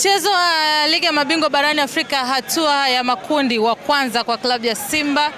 Mchezo wa ligi ya mabingwa barani Afrika hatua ya makundi wa kwanza kwa klabu ya Simba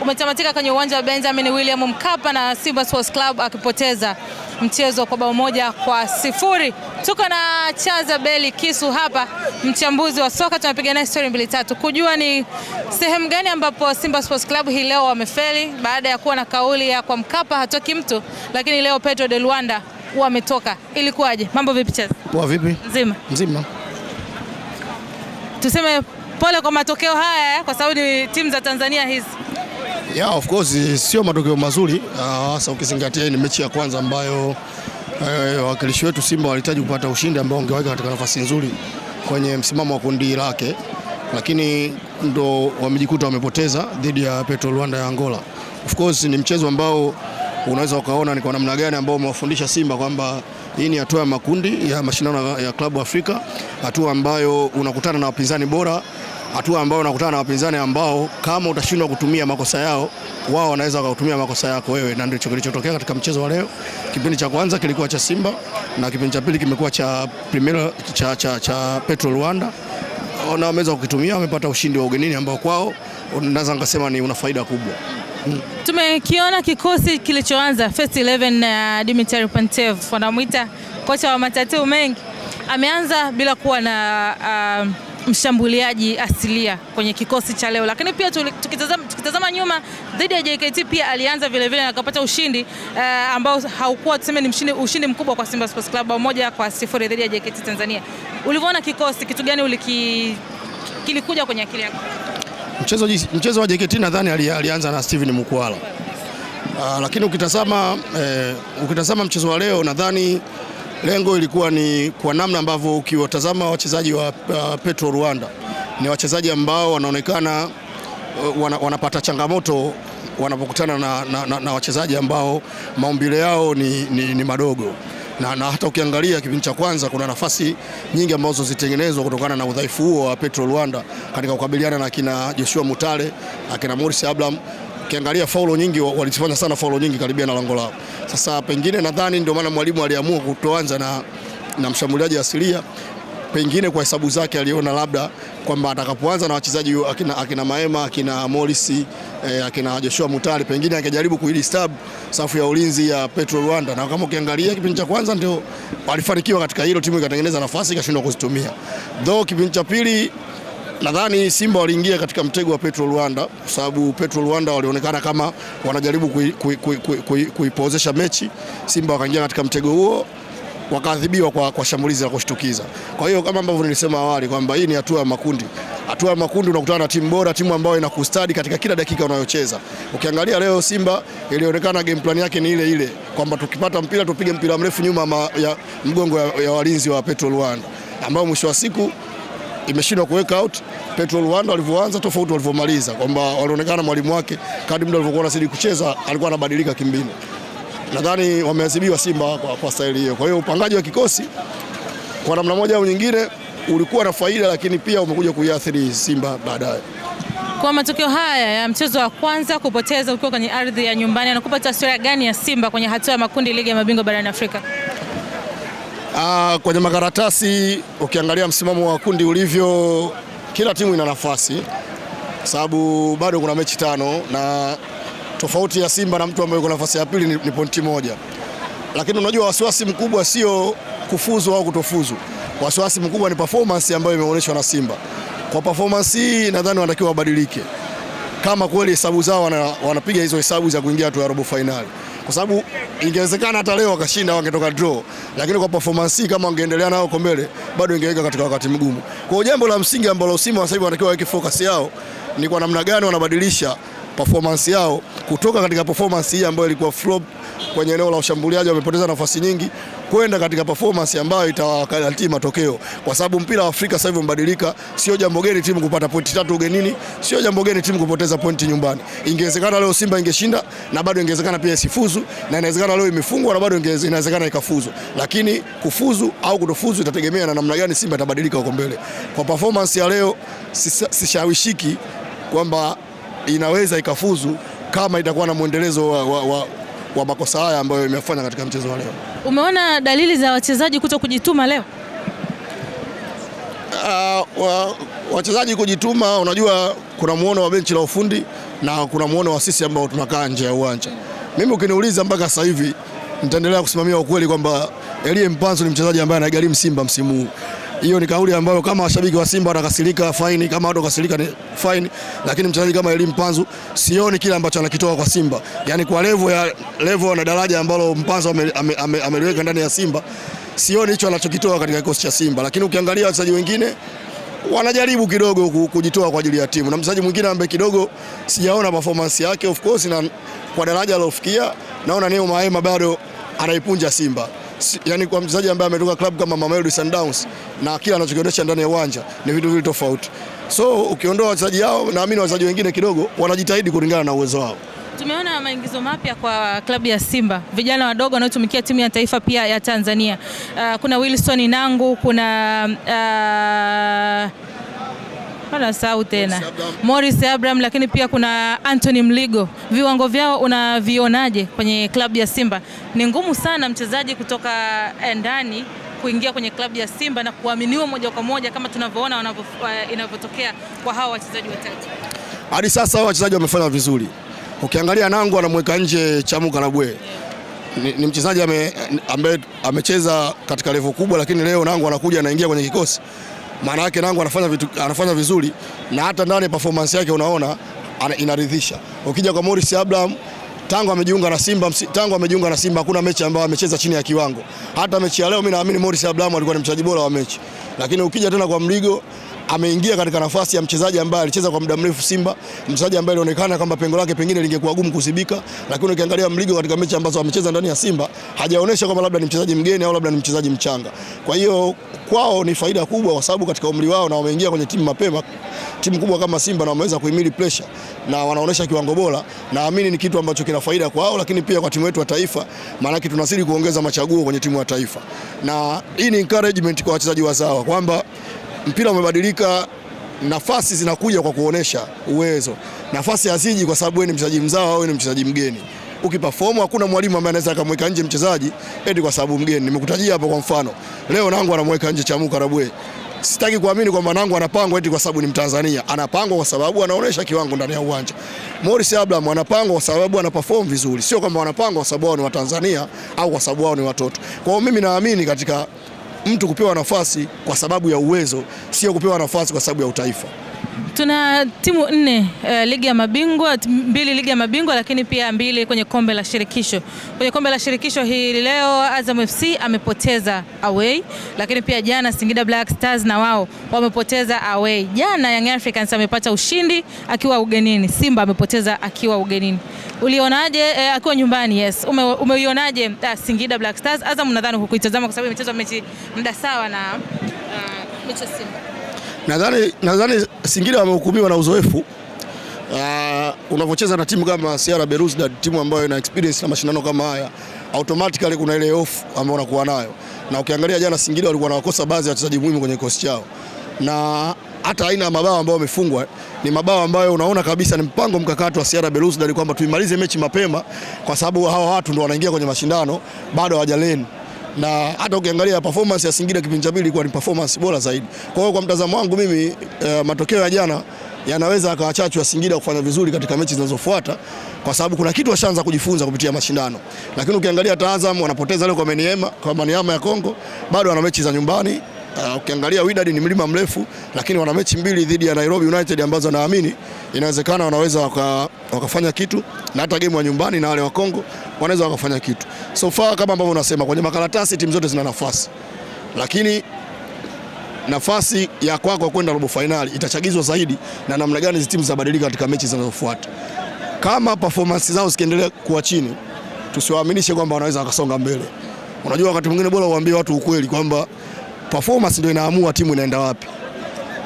umetamatika kwenye uwanja wa Benjamin William Mkapa na Simba Sports Club akipoteza mchezo kwa bao moja kwa sifuri. Tuko na Chaza Beli Kisu hapa, mchambuzi wa soka, tunapiga naye story mbili tatu kujua ni sehemu gani ambapo Simba Sports Club hii leo wamefeli baada ya kuwa na kauli ya kwa Mkapa hatoki mtu, lakini leo pedro de Luanda wametoka. Ilikuwaje? Mambo vipi Chaza? Poa vipi? Mzima. Mzima tuseme pole kwa matokeo haya eh, kwa sababu ni timu za Tanzania hizi. Yeah, of course sio matokeo mazuri ah, hasa uh, ukizingatia ni mechi ya kwanza ambayo eh, wawakilishi uh, wetu Simba walihitaji kupata ushindi ambao ungeweka katika nafasi nzuri kwenye msimamo wa kundi lake, lakini ndo wamejikuta wamepoteza dhidi ya Petro Luanda ya Angola. Of course ni mchezo ambao unaweza ukaona ni kwa namna gani ambao umewafundisha Simba kwamba hii ni hatua ya makundi ya mashindano ya klabu Afrika, hatua ambayo unakutana na wapinzani bora, hatua ambayo unakutana na wapinzani ambao kama utashindwa kutumia makosa yao, wao wanaweza wakatumia makosa yako wewe, na ndicho kilichotokea katika mchezo wa leo. Kipindi cha kwanza kilikuwa cha Simba na kipindi cha pili kimekuwa cha Primera cha, cha, cha Petro Luanda na wameweza kukitumia, wamepata ushindi wa ugenini ambao kwao unaweza ngasema ni una faida kubwa. Tumekiona kikosi kilichoanza first 11 na uh, Dimitri Pantev wanamuita kocha wa matatu mengi, ameanza bila kuwa na uh, mshambuliaji asilia kwenye kikosi cha leo, lakini pia tukitazama, tukitazama nyuma dhidi ya JKT pia alianza vilevile vile na akapata ushindi uh, ambao haukuwa tuseme ni mshindi, ushindi mkubwa kwa Simba Sports Club bao moja kwa sifuri dhidi ya JKT Tanzania. Ulivyoona kikosi, kitu gani uliki kilikuja kwenye akili yako? Mchezo, mchezo wa JKT nadhani alianza na Steven Mukwala. Uh, lakini ukitazama eh, ukitazama mchezo wa leo nadhani lengo ilikuwa ni kwa namna ambavyo ukiwatazama wachezaji wa uh, Petro Rwanda ni wachezaji ambao wanaonekana uh, wana, wanapata changamoto wanapokutana na, na, na, na wachezaji ambao maumbile yao ni, ni, ni madogo na, na hata ukiangalia kipindi cha kwanza kuna nafasi nyingi ambazo zitengenezwa kutokana na udhaifu huo wa Petro Luanda katika kukabiliana na kina Joshua Mutale na kina Morris Abraham. Ukiangalia faulo nyingi walizifanya sana faulo nyingi karibia na lango lao. Sasa pengine nadhani ndio maana mwalimu aliamua kutoanza na, na mshambuliaji asilia pengine kwa hesabu zake aliona labda kwamba atakapoanza na wachezaji akina, akina Maema akina Morris eh, akina Joshua Mutale pengine akijaribu kuidisturb safu ya ulinzi ya Petro Rwanda, na kama ukiangalia kipindi cha kwanza ndio walifanikiwa katika hilo, timu ikatengeneza nafasi ikashindwa kuzitumia, though kipindi cha pili nadhani Simba waliingia katika mtego wa Petro Rwanda kwa sababu Petro Rwanda walionekana kama wanajaribu kuipozesha kui, kui, kui, kui, kui mechi. Simba wakaingia katika mtego huo wakaadhibiwa kwa, kwa shambulizi la kushtukiza. Kwa hiyo kama ambavyo nilisema awali kwamba hii ni hatua ya makundi. Hatua ya makundi unakutana na timu bora, timu ambayo inakustadi katika kila dakika unayocheza. Ukiangalia leo Simba ilionekana game plan yake ni ile ile kwamba tukipata mpira tupige mpira mrefu nyuma ma, ya mgongo ya, ya walinzi wa Petro Luanda ambao mwisho wa siku imeshindwa kuweka out Petro Luanda walivyoanza tofauti walivyomaliza, kwamba walionekana mwalimu wake kadri muda alivyokuwa anazidi kucheza alikuwa anabadilika kimbinu nadhani wameadhibiwa Simba kwa, kwa staili hiyo. Kwa hiyo upangaji wa kikosi kwa namna moja au nyingine ulikuwa na faida, lakini pia umekuja kuiathiri Simba baadaye. Kwa matokeo haya ya mchezo wa kwanza kupoteza ukiwa kwenye ardhi ya nyumbani, anakupa taswira gani ya Simba kwenye hatua ya makundi ligi ya mabingwa barani Afrika? Aa, ah, kwenye makaratasi ukiangalia msimamo wa kundi ulivyo, kila timu ina nafasi, sababu bado kuna mechi tano na tofauti ya Simba na mtu ambaye yuko nafasi ya pili ni, ni pointi moja. Lakini unajua wasiwasi mkubwa sio kufuzu au kutofuzu, wasiwasi mkubwa ni performance ambayo imeonyeshwa na Simba. Kwa performance hii nadhani wanatakiwa wabadilike, kama kweli hesabu zao wana, wanapiga hizo hesabu za kuingia tu ya robo fainali, kwa sababu ingewezekana hata leo wakashinda wangetoka draw, lakini kwa performance kama wangeendelea nao huko mbele bado ingeweka katika wakati mgumu. Kwa jambo la msingi ambalo Simba sasa hivi wanatakiwa waweke focus yao ni kwa namna gani wanabadilisha performance yao kutoka katika performance hii ambayo ilikuwa flop kwenye eneo la ushambuliaji, wamepoteza nafasi nyingi kwenda katika performance ambayo itawakalatii matokeo, kwa sababu mpira wa Afrika sasa hivi umebadilika. Sio jambo geni timu kupata pointi tatu ugenini, sio jambo geni timu kupoteza pointi nyumbani. Ingewezekana leo Simba ingeshinda na bado ingewezekana pia isifuzu, na inawezekana leo imefungwa na bado inawezekana ikafuzu, lakini kufuzu au kutofuzu itategemea na namna gani Simba itabadilika huko mbele. Kwa performance ya leo sishawishiki kwamba inaweza ikafuzu kama itakuwa na mwendelezo wa, wa, wa, wa makosa haya ambayo imefanya katika mchezo wa leo. Umeona dalili za wachezaji kuto kujituma leo? Uh, wa, wachezaji kujituma, unajua kuna muono wa benchi la ufundi na kuna muono wa sisi ambao tunakaa nje ya uwanja. Mimi ukiniuliza mpaka sasa hivi nitaendelea kusimamia ukweli kwamba Elie Mpanzu ni mchezaji ambaye anaigarimu Simba msimu huu. Hiyo ni kauli ambayo kama washabiki wa Simba watakasirika faini, kama watu wakasirika ni faini, lakini mchezaji kama Elim Panzu sioni kile ambacho anakitoa kwa Simba, yani kwa levo ya levo na daraja ambalo Mpanzu ameliweka ame, ame, ame ndani ya Simba, sioni hicho anachokitoa katika kikosi cha Simba, lakini ukiangalia wachezaji wengine wanajaribu kidogo kujitoa kwa ajili ya timu na mchezaji mwingine ambaye kidogo sijaona performance yake of course, na kwa daraja alofikia, naona Neo Maema bado anaipunja Simba yani kwa mchezaji ambaye ametoka klabu kama Mamelodi Sundowns na kila anachokionyesha ndani ya uwanja ni vitu vile tofauti. So ukiondoa wachezaji hao, naamini wachezaji wengine kidogo wanajitahidi kulingana na uwezo wao. Tumeona maingizo mapya kwa klabu ya Simba, vijana wadogo wanaotumikia timu ya taifa pia ya Tanzania. Uh, kuna Wilson Nangu, kuna uh, Nasahau tena Morris Abraham, lakini pia kuna Anthony Mligo. Viwango vyao unavionaje kwenye klabu ya Simba? Ni ngumu sana mchezaji kutoka eh, ndani kuingia kwenye klabu ya Simba na kuaminiwa moja kwa moja kama tunavyoona eh, inavyotokea kwa hawa wachezaji watatu. Hadi sasa wachezaji wamefanya vizuri, ukiangalia Nangu anamweka nje Chamuka na Bwe Ni, ni mchezaji ambaye amecheza katika levo kubwa, lakini leo Nangu anakuja anaingia kwenye kikosi maana yake Nangu anafanya vitu, anafanya vizuri na hata ndani ya performance yake unaona inaridhisha. Ukija kwa Morris Abraham tangu amejiunga na Simba tangu amejiunga na Simba hakuna mechi ambayo amecheza chini ya kiwango. Hata mechi ya leo mimi naamini Morris Abraham alikuwa ni mchezaji bora wa mechi, lakini ukija tena kwa Mligo ameingia katika nafasi ya mchezaji ambaye alicheza kwa muda mrefu Simba, mchezaji ambaye alionekana kwamba pengo lake pengine lingekuwa gumu kusibika, lakini ukiangalia Mligo katika mechi ambazo amecheza ndani ya Simba hajaonesha kwamba labda ni mchezaji mgeni au labda ni mchezaji mchanga. Kwa hiyo kwao ni faida kubwa, kwa sababu katika umri wao na wameingia kwenye timu mapema, timu kubwa kama Simba, na wameweza kuhimili pressure na wanaonesha kiwango bora. Naamini ni kitu ambacho kina faida kwao, lakini pia kwa timu yetu ya taifa, maana tunazidi kuongeza machaguo kwenye timu ya taifa, na hii ni encouragement kwa wachezaji wazawa kwamba mpira umebadilika, nafasi zinakuja kwa kuonesha uwezo. Nafasi haziji kwa sababu wewe ni mchezaji mzawa au ni mchezaji mgeni. Ukiperform hakuna mwalimu ambaye anaweza akamweka nje mchezaji eti kwa sababu mgeni. Nimekutajia hapo kwa mfano, leo Nangu anamweka nje Chamuka Rabwe. Sitaki kuamini kwamba Nangu anapangwa eti kwa sababu ni Mtanzania. Anapangwa kwa sababu anaonesha kiwango ndani ya uwanja. Morris Abraham anapangwa kwa sababu anaperform vizuri, sio kwamba wanapangwa kwa sababu wao ni Watanzania au kwa sababu wao ni watoto. Kwa hiyo mimi naamini katika mtu kupewa nafasi kwa sababu ya uwezo, sio kupewa nafasi kwa sababu ya utaifa. Tuna timu nne e, ligi ya mabingwa mbili, ligi ya mabingwa lakini pia mbili kwenye kombe la shirikisho. Kwenye kombe la shirikisho hii leo Azam FC amepoteza away, lakini pia jana Singida Black Stars na wao wamepoteza away. Jana Young Africans amepata ushindi akiwa ugenini, Simba amepoteza akiwa ugenini. Ulionaje e, akiwa nyumbani? Yes, umeionaje ume eh, Singida Black Stars? Azam nadhani hukuitazama kwa sababu imecheza mechi muda sawa na uh, mechi Simba Nadhani nadhani Singida wamehukumiwa na uzoefu. Uh, unavyocheza na timu kama Sierra Belouizdad, timu ambayo ina experience na mashindano kama haya, automatically kuna ile hofu ambayo unakuwa nayo, na ukiangalia jana Singida walikuwa wanakosa baadhi ya wachezaji muhimu kwenye kikosi chao, na hata aina ya mabao ambayo wamefungwa ni mabao ambayo unaona kabisa ni mpango mkakati wa Sierra Belouizdad kwamba tuimalize mechi mapema, kwa sababu hawa watu ndio wanaingia kwenye mashindano bado hawajaleni na hata ukiangalia performance ya Singida kipindi cha pili ilikuwa ni performance bora zaidi. Kwa hiyo kwa mtazamo wangu mimi eh, matokeo ya jana yanaweza akawa chachu ya Singida kufanya vizuri katika mechi zinazofuata kwa sababu kuna kitu washaanza kujifunza kupitia mashindano. Lakini ukiangalia Azam wanapoteza leo kwa Maniema, kwa Maniema ya Kongo, bado wana mechi za nyumbani. Uh, Ukiangalia Wydad ni mlima mrefu, lakini wana mechi mbili dhidi ya Nairobi United ambazo naamini inawezekana wanaweza waka, wakafanya kitu na hata game wa nyumbani na wale wa Kongo wanaweza wakafanya kitu. So far kama ambavyo unasema kwenye makaratasi timu zote zina nafasi, lakini nafasi ya kwako kwa kwenda robo finali itachagizwa zaidi na namna gani hizo timu zabadilika katika mechi zinazofuata. Kama performance zao zikiendelea kuwa chini, tusiwaaminishe kwamba wanaweza wakasonga mbele. Unajua, wakati mwingine bora uambie watu ukweli kwamba performance ndio inaamua timu inaenda wapi.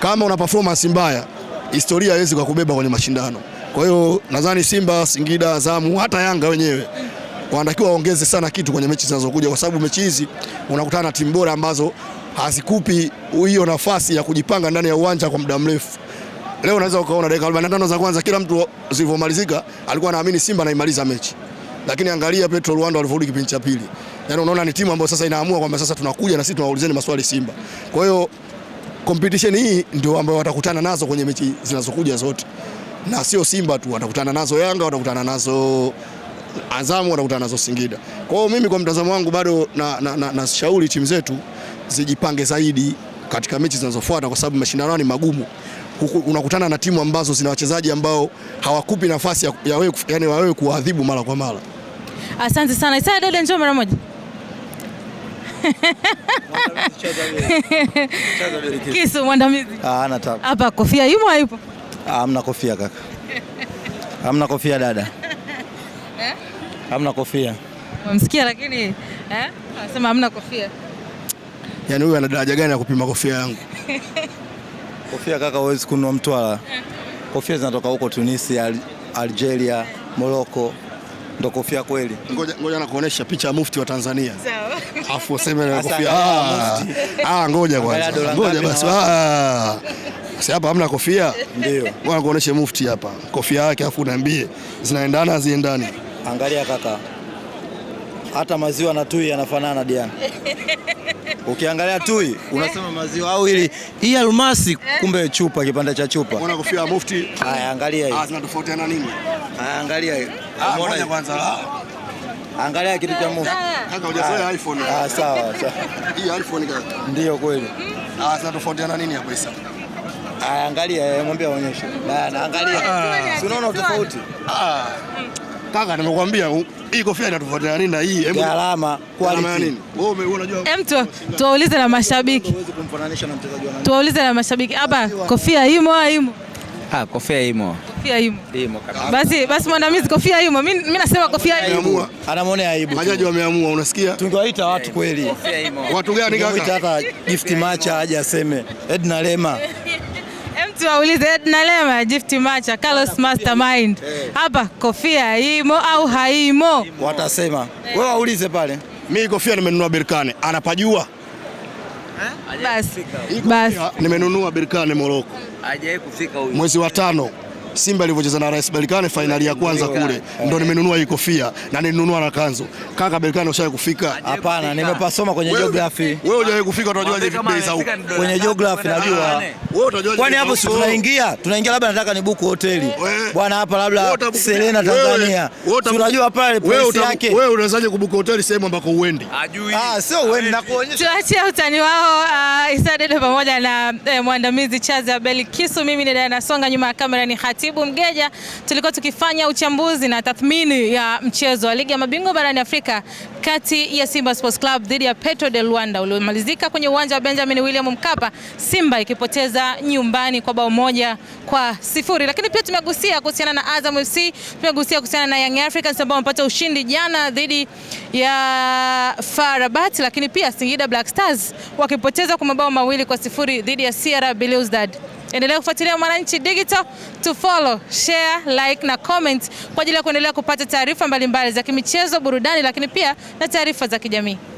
Kama una performance mbaya, historia haiwezi kukubeba kwenye mashindano. Kwa hiyo nadhani Simba, Singida, Azamu, hata Yanga wenyewe wanatakiwa waongeze sana kitu kwenye mechi zinazokuja, kwa sababu mechi hizi unakutana na timu bora ambazo hazikupi hiyo nafasi ya kujipanga ndani ya uwanja kwa muda mrefu. Leo unaweza ukaona dakika 45 za kwanza kila mtu zilivyomalizika alikuwa anaamini Simba anaimaliza mechi, lakini angalia Petro Luanda walivyorudi kipindi cha pili. Yani unaona ni timu ambayo sasa inaamua kwamba sasa tunakuja na sisi tunaulizeni maswali Simba. Kwa hiyo competition hii ndio ambayo watakutana nazo kwenye mechi zinazokuja zote, na sio Simba tu, watakutana nazo Yanga, watakutana nazo Azamu, watakutana nazo Singida. Kwa hiyo mimi kwa mtazamo wangu bado na, na, na, na shauri timu zetu zijipange zaidi katika mechi zinazofuata, kwa sababu mashindano ni magumu. Huku, Unakutana na timu ambazo zina wachezaji ambao hawakupi nafasi ya, ya wewe yani wewe kuadhibu mara kwa mara. Asante sana Isa dada, njoo mara moja. Kisu mwandamizi. Ah, ana tabu. Hapa kofia yumo hayupo? Ah, hamna kofia kaka. Hamna kofia dada. Eh? Hamna kofia. Umemsikia lakini eh? Anasema hamna kofia. Yaani huyu ana daraja gani ya kupima kofia yangu? Kofia kaka, huwezi kununua Mtwara. Eh. Kofia zinatoka huko Tunisia, Algeria, Morocco. Ndo kofia kweli. Ngoja ngoja nakuonesha picha ya mufti wa Tanzania. Sawa afu useme na kofia. Ah, ah, ngoja kwanza, ngoja basi. Ah, si hapa hamna kofia? Ndio. ngoja kuoneshe mufti hapa kofia yake, afu niambie zinaendana haziendani. Angalia kaka, hata maziwa na tui yanafanana Diana. Ukiangalia tui unasema maziwa au ili hii almasi, kumbe chupa, kipande cha chupa. Unaona kofia ya mufti? Haya, angalia hii. Ah, zinatofautiana nini? Haya, angalia hii. Ah, Unaona kwanza Angalia kitu cha Mungu. Kaka hujazoea iPhone. Ah, sawa sawa. Hii iPhone kaka. Ndio kweli. Ah, sasa tofautiana nini hapo sasa? Ah, angalia, eh, mwambie aonyeshe. Na angalia. Ah. Si unaona tofauti? Ah. Kaka nimekuambia hii kofia inatofautiana nini na hii? Hebu alama quality. Wewe unajua. Hem tu, tuwaulize na mashabiki. Tuwaulize na mashabiki. Hapa kofia imo au ah, imo? Ha, ah, kofia imo. Kofia imo. Imo kabisa. Basi basi mwandamizi kofia imo. Mimi mimi nasema kofia imo. Anamwonea aibu. Majaji wameamua unasikia? Tungewaita watu kweli. Kofia imo. Watu gani kaka? Tungewaita hata Gift Macha aje aseme. Edna Lema. Mtu waulize Edna Lema, Gift Macha, Carlos Mastermind. Eh. Hapa kofia imo au haimo? Watasema. Eh. Wewe waulize pale. Mimi kofia nimenunua Berkane. Anapajua? Eh? Basi. Nimenunua Berkane Moroko hajawahi kufika huyu. Mwezi wa tano Simba ilivyocheza na RS Berkane fainali ya kwanza kule, ndo nimenunua hii kofia na nilinunua na kanzu. Kaka Berkane ushawahi kufika? Hapana, nimepasoma kwenye geography. Wewe hujawahi kufika, utajuaje bei za huko? Kwenye geography najua. Wewe utajuaje? Kwani hapo si tunaingia, tunaingia labda nataka ni buku hoteli bwana, hapa labda Serena Tanzania, tunajua pale price yake. Wewe unawezaje kubuku hoteli sehemu ambako uendi? Ajui. Ah, sio uendi, nakuonyesha. Tuachie utani wao. Isa pamoja na eh, mwandamizi Chazi Abeli Kisu. Mimi ni Diana Songa, nyuma ya kamera ni Khatibu Mgeja. Tulikuwa tukifanya uchambuzi na tathmini ya mchezo wa ligi ya mabingwa barani Afrika kati ya Simba Sports Club dhidi ya Petro de Luanda uliomalizika kwenye uwanja wa Benjamin William Mkapa, Simba ikipoteza nyumbani kwa bao moja kwa sifuri. Lakini pia tumegusia kuhusiana na Azam FC, tumegusia kuhusiana na Young Africans ambao wamepata ushindi jana dhidi ya farabat lakini pia Singida Black Stars wakipoteza kwa mabao mawili kwa sifuri dhidi ya CR Belouizdad. Endelea kufuatilia Mwananchi Digital, to follow, share, like na comment kwa ajili ya kuendelea kupata taarifa mbalimbali za kimichezo, burudani, lakini pia na taarifa za kijamii.